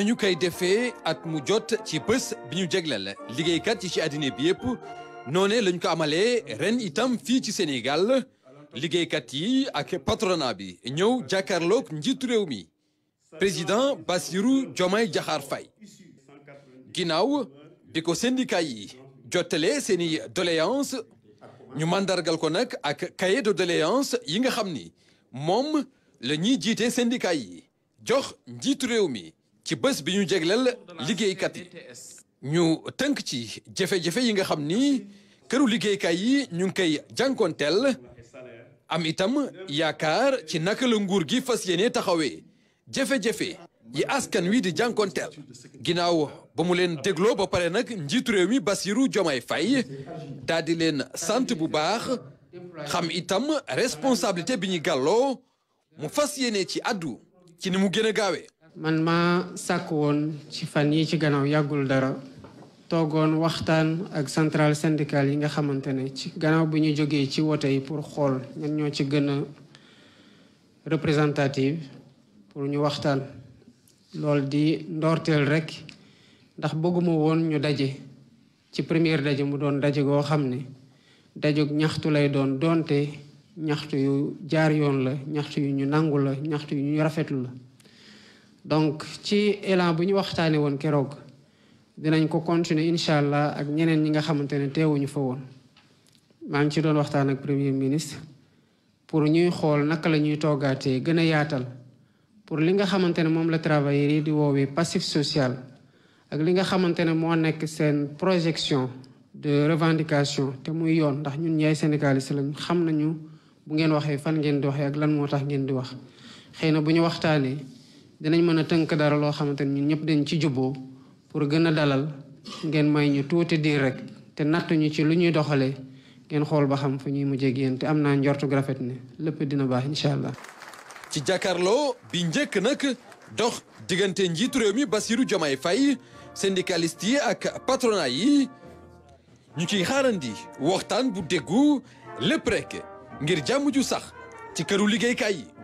nañu koy defee ak mu jot ci bés bi ñu jegleel liggéeykat yi ci àddina bi yëpp noonee lañ ko amalee ren itam fii ci Sénégal liggéeykat yi ak patronat bi ñëw jàkkaarlook njiitu réew mi président Bassirou Diomaye Diakhar Faye ginnaaw bi ko syndicat yi jottalee seeni doléance ñu màndargal ko nag ak cahier de doléance yi nga xam ni moom la ñuy jiite syndicat yi jox njiitu réew mi ci bés bi ñu jegleel liggéeykat yi ñu tënk ci jafe-jafe yi nga xam ni këru liggéeykaay yi ñu ngi koy jànkoonteel am itam yaakaar ci naka la nguur gi fas yéene taxawee jafe-jafe yi askan wi di jànkoonteel ginnaaw ba mu leen dégloo ba pare nag njiitu réew mi Bassirou Diomaye fay daal di leen sant bu baax xam itam responsabilité bi ñu gàlloo mu fas yéene ci addu ci ni mu gën a man ma sàkk woon ci fan yi ci gannaaw yàggul dara toogoon waxtaan ak centrale syndicale yi nga xamante ne ci gannaaw bi ñu jógee ci wote yi pour xool ñan ñoo ci gën a représentative pour ñu waxtaan lool di ndoorteel rek ndax bëgguma woon ñu daje ci première daje mu doon daje goo xam ne dajog ñaxtu lay doon doonte ñaxtu yu jaar yoon la ñaxtu yu ñu nangu la ñaxtu yu ñu rafetlu la donc ci élan bu ñu waxtaanee woon keroog dinañ ko continuer incha allah ak ñeneen ñi nga xamante ne teewuñu fa woon maa ngi ci doon waxtaan ak premier ministre pour ñuy xool naka la ñuy toogaatee gën a yaatal pour li nga xamante ne moom la travailleurs yi di woowee passif social ak li nga xamante ne moo nekk seen projection de revendication te muy yoon ndax ñun yaay syndicaliste lañ xam nañu bu ngeen waxee fan ngeen di waxee ak lan moo tax ngeen di wax xëy na bu ñu waxtaanee. dinañ mën a tënk dara loo xamante ni ñun ñëpp dañ ci jubboo pour gën a dalal ngeen may ñu tuuti diir rek te nattuñu ci lu ñuy doxalee ngeen xool ba xam fu ñuy mujje yéen te am naa njortu gu rafet ne lépp dina baax incha allah. ci jàkkaarloo bi njëkk nag dox diggante njiitu réew mi Bassirou Diomaye Faye syndicaliste yi ak patronat yi ñu ciy xaarandi waxtaan bu déggu lépp rek ngir jàmm ju sax ci këru liggéeykaay yi.